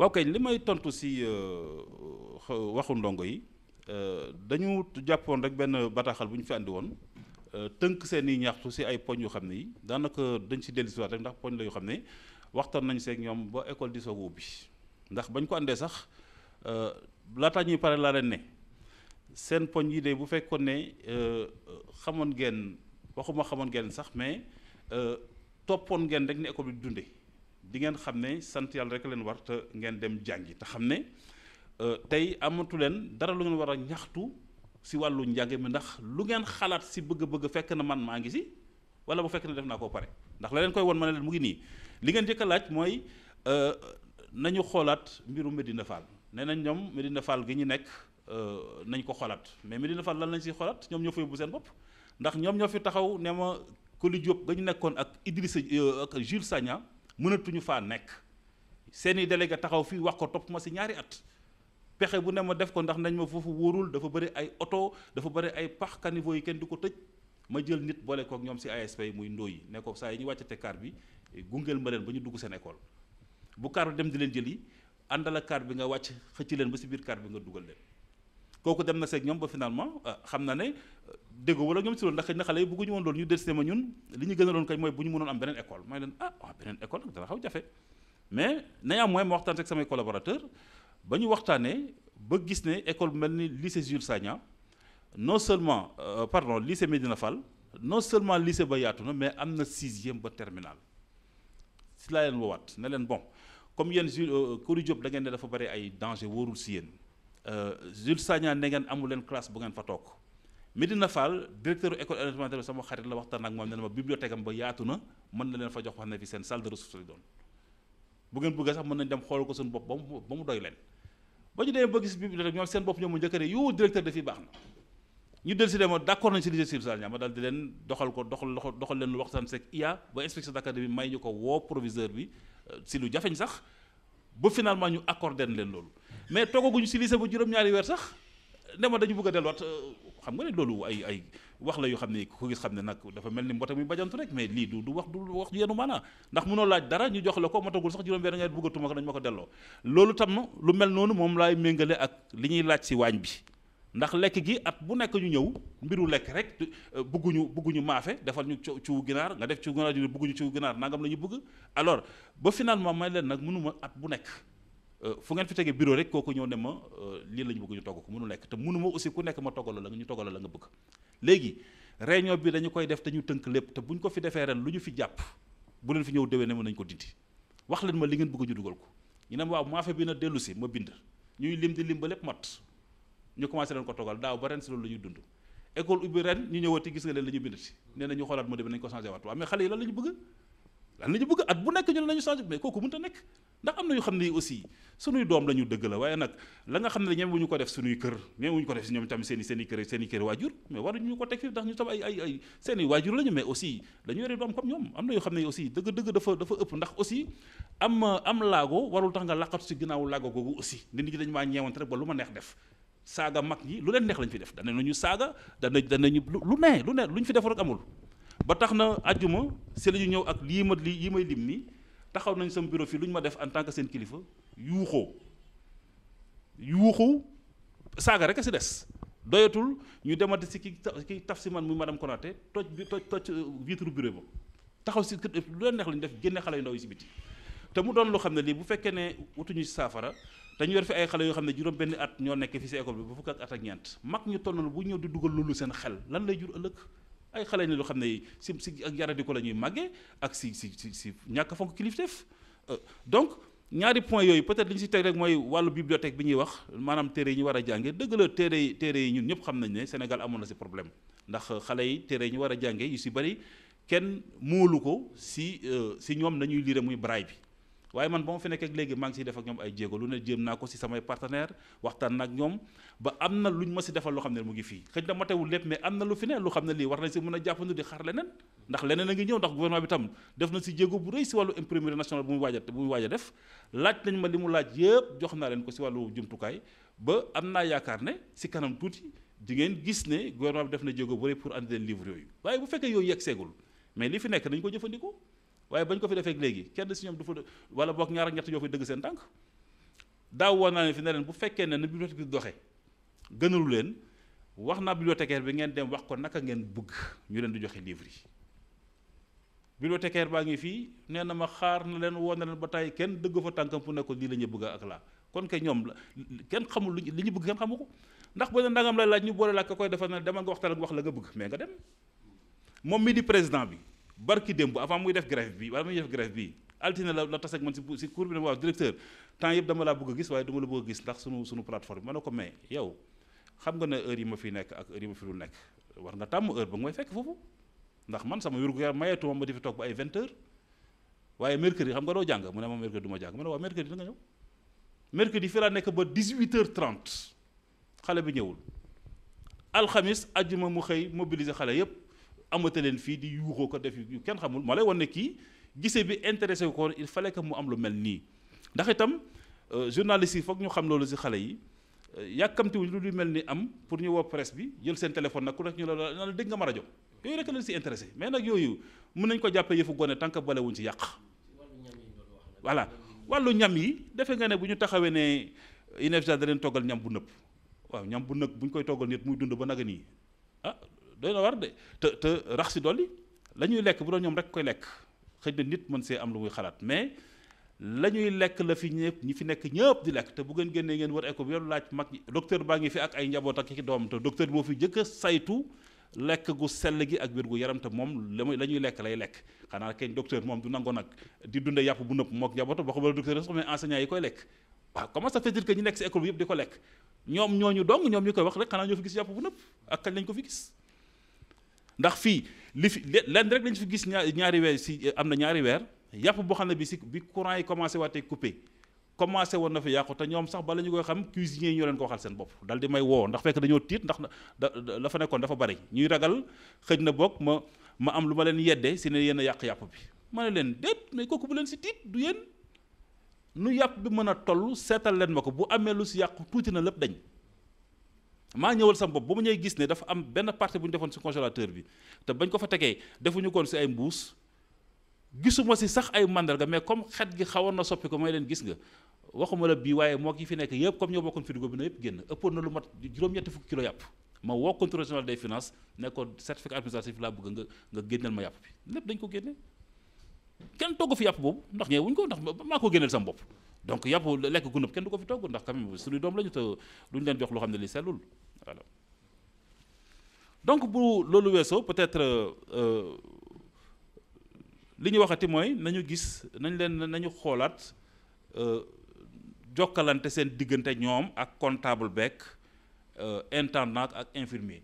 waaw kay li may tontu si euh, waxu ndongo yi euh, dañu jàppoon rek benn bataaxal bu ñu fi andi woon euh, tënk seen i ñaxtu si ay poñ yoo xam ne yi daanaka dañ si dellusiwaat rek ndax poñ la yoo xam ne waxtaan nañ seeg ñoom ba école di soog ubbi ndax bañ ko andee sax laataa ñuy pare laa leen ne seen poñ yi de bu fekkoon ne xamoon ngeen waxuma xamoon ngeen sax mais toppoon ngeen rek ne école bi dundee. di ngeen xam ne sant yàlla rek leen war te ngeen dem jàngi te xam ne euh, tey amatu leen dara lu ngeen war a ñaxtu si wàllu njàng mi ndax lu ngeen xalaat si bëgg-bëgg fekk na man maa ngi si wala bu fekk na def naa ko pare ndax la leen koy won ma ne leen mu ngi nii li ngeen jëkk a laaj mooy euh, nañu xoolaat mbiru Medina Fall nee nañ ñoom Medina Fall gi ñu nekk euh, nañ ko xoolaat mais Medina Fall lan lañ si xoolaat ñoom ñoo fa yóbbu seen bopp ndax ñoom ñoo fi taxaw ne ma Koli Diop ga nekkoon ak Idrissa ak Jules mënatuñu faa nekk seeni délégué taxaw fii wax ko topp ma si ñaari at pexe bu ne ma def ko ndax nañ ma foofu wóorul dafa bëri ay oto dafa bari ay pax caniveau yi kenn du ko tëj ma jël nit boole kook ñoom si ASP yi muy ndóoyi ne ko saa yi ñu wàccate car bi gungeel ma leen ba ñu dugg seen école bu kar bi dem di leen jël jëli àndala car bi nga wàcc xëcc leen ba si biir car bi nga dugal leen kooku dem na seeg ñoom ba finalement euh, xam na ne euh, déggoo wala ñoom si loolu ndax xëy na xale yi bëgguñu woon loolu ñu destiné ma ñun li ñu gënaloon kay mooy bu ñu mënoon am beneen école may leen ah waaw beneen école mais nañ am moyen ma waxtaan ak samay ba ñu waxtaanee ba gis ne école bu mel ni lycée Jules Sagna non seulement euh, pardon lycée na fal non seulement lycée ba yaatu na mais am na sixième ba terminal si laa leen woowaat ne leen bon comme yéen Jules Kory Diop da ngeen ne dafa bare ay danger wóorul si yéen Euh, Jules Sagna ne ngeen amul leen classe bu ngeen fa toog Medina Fall directeur école élémentaire sama xarit la waxtaan ak moom ne ma bibliothèque ba yaatu na mën na leen fa jox wax ne fi seen salle de ressources la doon bu ngeen bëggee sax mën nañ dem xoolal ko suñu bopp ba mu ba mu doy leen. ba ñu demee ba gis bibliothèque ñoom seen bopp ñoom mu njëkk ne de fii baax na ñu del si dem d' accord nañ si lycée Jules ma daal di leen doxal ko doxal doxal leen lu waxtaan seeg IA ba inspection ko woo proviseur bi euh, si lu jafeñ sax ba finalement ñu accordé leen mais toogaguñu si ba juróom-ñaari weer sax dema dañu bëgg a delluwaat euh, xam nga ne loolu ay wax la yoo xam ne ku gis xam ne nag dafa mel ni mbota muy bajantu rek mais lii du du wax du wax yenu maanaa ndax mënoo laaj jox la ko matagul sax juróom weer nga bëggatuma ko dañ ma ko delloo lu mel noonu moom laay méngale ak li ñuy laaj si waañ bi ndax lekk gi at bu nekk ñu ñëw mbiru lekk rek euh, bëgguñu bëgguñu maafe defal ñu ciw ginaar nga def ciw ginaar ñu bëgguñu ciw ginaar nangam la ñu bëgg alors ba finalement may leen nag mënuma at bu nekk Euh, fu ngeen fi tege bureau rek kooku ñëw ne ma euh, lii la ñu bëgg ñu togg ko mënu nekk te mënu ma aussi ku nekk ma toggaloo la nga la nga bëgg léegi réunion bi dañu koy def te ñu tënk lépp te buñ ko fi defee lu ñu fi jàpp bu leen fi ñëw déwee ne mën nañ ko dindi wax leen ma li ngeen bëgg ñu dugal ko ñu ne ma waaw maafe dellu si ma bind ñuy lim di lim ba lépp mat ñu commencé leen ko toggal daaw ba ren si loolu la ñuy dund école ubbi ren ñu ñëwati gis nga leen la ñu bindati nee ñu xoolaat moo demee nañ ko changé waat waaw mais xale ñu bëgg lan ñu bëgg at bu nekk ñu ne nañu changé mais kooku mënta nekk ndax am na yoo xam ne aussi sunuy doom la ñu dëgg la waaye nag la nga xam ne ñeme wu ñu ko def sunuy kër ñeme wu ñu ko def si ñoom tamit seeni seeni seen i kër seen i kër waajur mais war ñu ko teg fi ndax ñu la ñu mais aussi dañu yore doom comme ñoom am na yoo xam ne aussi dëgg dëgg dafa dafa ndax aussi am am laago warul tax nga laqatu si ginnaawu laago googu aussi nit ñi dañu maa ñeewante rek ba lu ma neex def saaga mag ñi lu leen neex lañ fi def dana ñu saaga dana danañu lu ne lu ne luñ fi def rek amul ba tax na àjjuma si la ñu ñëw ak lii ma lii yi may lim nii taxaw nañ sama bureau fii lu ñu ma def en tant que seen kilifa yuuxoo yuuxu saaga rek a si des doyatul ñu demati si ki ki taf si man mu ma dem Konaté toj bi toj toj euh, vitre bureau ba taxaw si lu leen neex la ñu def génne xale yu ndaw yi si biti te mu doon loo xam ne lii bu fekkee ne wutuñu si saafara dañu yor fi ay xale yoo xam ne juróom benn at ñoo nekk fi si école bi ba fukk ak at ak ñeent mag ñu toll bu ñëw di dugal loolu seen xel lan lay jur ëllë ay xale ne loo xam ne si si ak yaradi ko la ñuy màggee ak si si si si ñàkk fonk kilifteef euh, donc ñaari point yooyu peut-être li ñu si teg rek mooy wàllu bibliothèque bi ñuy wax maanaam téere yi ñu war a jànge dëgg la téere téere yi ñun ñëpp xam nañ ne Sénégal amoon na si problème ndax xale yi téere yi ñu war a jànge yu si bari kenn moolu ko si euh, si ñoom nañuy lire muy baraay bi waaye man ba ma fi nekk ak léegi maa ngi siy def ak ñoom ay jéego lu ne jéem naa ko si samay partenaire waxtaan nag ñoom ba am na lu ñu ma si defal loo xam ne mu ngi fii xëy na matewul lépp mais am na lu fi ne lu xam ne lii war nañ si mën a jàppandu ndax leneen a ngi ñëw ndax gouvernement tam def na si jéego bu rëy si wàllu bu muy waaj a bu def laaj nañ ma li mu laaj yëpp jox naa leen ko si wàllu jumtukaay ba am naa yaakaar ne si kanam tuuti di ngeen gis ne gouvernement bi def na jéego bu rëy pour andi leen livre yooyu waaye bu fekkee yooyu yegg seegul mais li fi nekk nañ ko jëfandikoo waaye bañ ko fi defee léegi kenn si ñoom du fa wala boog ñaar ak ñett ñoo fay dëgg seen tànk daaw woon naa leen fi ne leen bu fekkee ne na bibliothèque bi doxee gënalu leen wax naa bibliothécaire bi ngeen dem wax ko naka ngeen bëgg ñu leen di joxe livre yi bibliothécaire baa ngi fii nee na ma xaar na leen woon na leen ba tàyyi kenn dëgg fa tànkam fu ne ko lii la ñu bëgg ak laa kon kay ñoom la kenn xamul lu li ñu bëgg kenn xamu ko ndax boo ne ndangam lay laaj ñu boole la koy defal ne demal nga waxtaan wax la nga bëgg mais nga dem moom mi di président bi barki démb avant muy def grève bi wala muy def bi altine la la tas ak man si si cour bi ne waaw directeur temps yëpp dama laa bëgg a gis waaye dama la bëgg a gis ndax sunu sunu plateforme ma ne ko mais yow xam nga ne heure yi ma fi nekk ak heure yi ma fi lu nekk war nga tàmm heure ba nga may fekk foofu ndax man sama wér gu yaram mayeetu ma ma di fi toog ba ay 20 heures waaye mercredi xam nga doo jàng mu ne ma mercredi du ma jàng mu ne waaw mercredi da nga ñëw mercredi fii nekk ba 18 heures 30 xale bi ñëwul alxamis ajjuma mu xëy mobiliser xale yëpp. amate leen fii di yuuxoo ko def yu kenn xamul moo lay wan ne kii gise bi intéressé ko kon il fallait que mu am lu mel nii ndax itam euh, journalistes yi foog ñu xam loolu si xale yi euh, yàkkamtiwuñ lu lu mel ni am pour ñu woo presse bi jël seen téléphone nag ku nekk ñu la dégg nga ma rajo yooyu rek leen si intéressé mais nag yooyu mën nañ ko jàppee yëfu gone tant que balewuñ si yàq voilà wàllu ñam yi defe nga ne bu ñu taxawee ne INEFJA da leen toggal ñam bu nëpp waaw ñam bu nëpp bu ñu koy toggal nit muy dund ba naga nii ah dooy na war de te te rax si dolli la ñuy lekk bu doon ñoom rek koy lekk xëy na nit mën see am lu muy xalaat mais la ñuy lekk la fi ñëpp ñi fi nekk ñëpp di lekk te bu ngeen génnee ngeen war école bi yoon laaj mag ñi docteur ngi fi ak ay njaboot ak ki doom te fi jëkk saytu lekk gu sell ak wér gu te moom la ñuy lekk lay lekk xanaa kenn docteur moom du nangoo nag di dundee yàpp bu nëpp mook njabootam boo xamante docteur sax lekk waaw nekk yëpp di ko lekk ñoom ñooñu dong ñoom ñu koy wax rek xanaa ñoo fi gis yàpp bu nëpp ak kañ lañ ko fi gis ndax fii li fi lenn rek lañ fi gis ñaari weer si am na ñaari weer yàpp boo xam ne bi si bi courant yi commencé waatee coupé commencé woon na fi yàqu te ñoom sax bala ñu koy xam cuisiniers yi ñoo leen ko waxal seen bopp dal di may woo ndax fekk dañoo tiit ndax da la fa nekkoon dafa bari ñuy ragal xëj na bokk ma ma am lu ma leen yeddee si ne yéen a yàq yàpp bi ma ne leen déet mais kooku bu leen si tiit du yéen nu yàpp bi mën a toll seetal leen ma ko bu amee lu si yàqu tuuti na lépp dañ maa ñëwal sama bopp ba mu ñëw gis ne dafa am benn partie bu ñu defoon si congélateur bi te bañ ko fa tegee defuñu koon si ay mbuus gisuma si sax ay mandarga mais comme xet gi xawoon na soppi ko may leen gis nga waxuma la bii waaye moo ki fi nekk yëpp comme ñoo bokkoon frigo bi na yëpp génn ëppoon lu mat juróom-ñetti fukki kilo yàpp ma woo contrôle général des finances ne laa bëgg nga nga génneel ma yàpp bi lépp dañ ko génne kenn togg fi yàpp boobu ndax wuñ ko ndax maa ko génneel sama bopp donc yàpp lekk gunóob kenn du ko fi togg ndax quand jox loo xam ne li sellul donc bu loolu weesoo peut-être euh, euh, li ñu waxati mooy nañu gis nañ leen nañu xoolaat euh, jokkalante seen diggante ñoom ak comptable beek intendant ak infirmier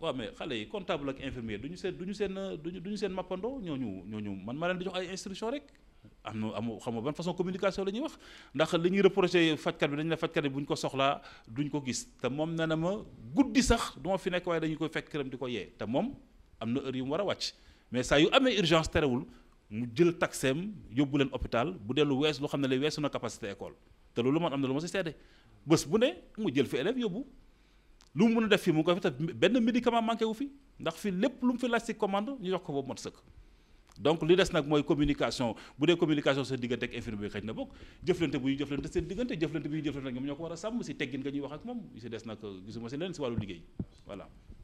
waaw mais xale yi comptable ak infirmier du ñu seen du ñu seen du ñu seen mappandoo ñooñu ñooñu man ma leen di jox ay instruction rek am na amu xam nga ban façon communication la ñuy wax ndax li ñuy reproché fajkat bi dañ la fajkat bi bu ñu ko soxlaa duñ ko gis te moom nee na ma guddi sax du fi nekk dañu koy fekk këram di ko yee te moom am na heure yu mu a wàcc mais saa yu amee urgence terewul mu jël taxeem yóbbu leen hôpital bu dellu wees lu xam ne la weesu na capacité école te loolu man am na lu ma si seede bés bu ne mu jël fi élève yóbbu lu mu mën a def fii mu ngi fi te benn médicament manqué wu fi ndax fi lépp lu mu fi laaj si commande ñu jox ko boobu mot sëkk donc li des nag mooy communication bu dee communication seen diggante ak infirmier bi xëj na bokk jëflante buy jëflante seen diggante jëflante buy jëflante ak ñoom ñoo ko war a sàmm si teggin nga ñuy wax ak moom si des nag gisuma si leneen si wàllu liggéey voilà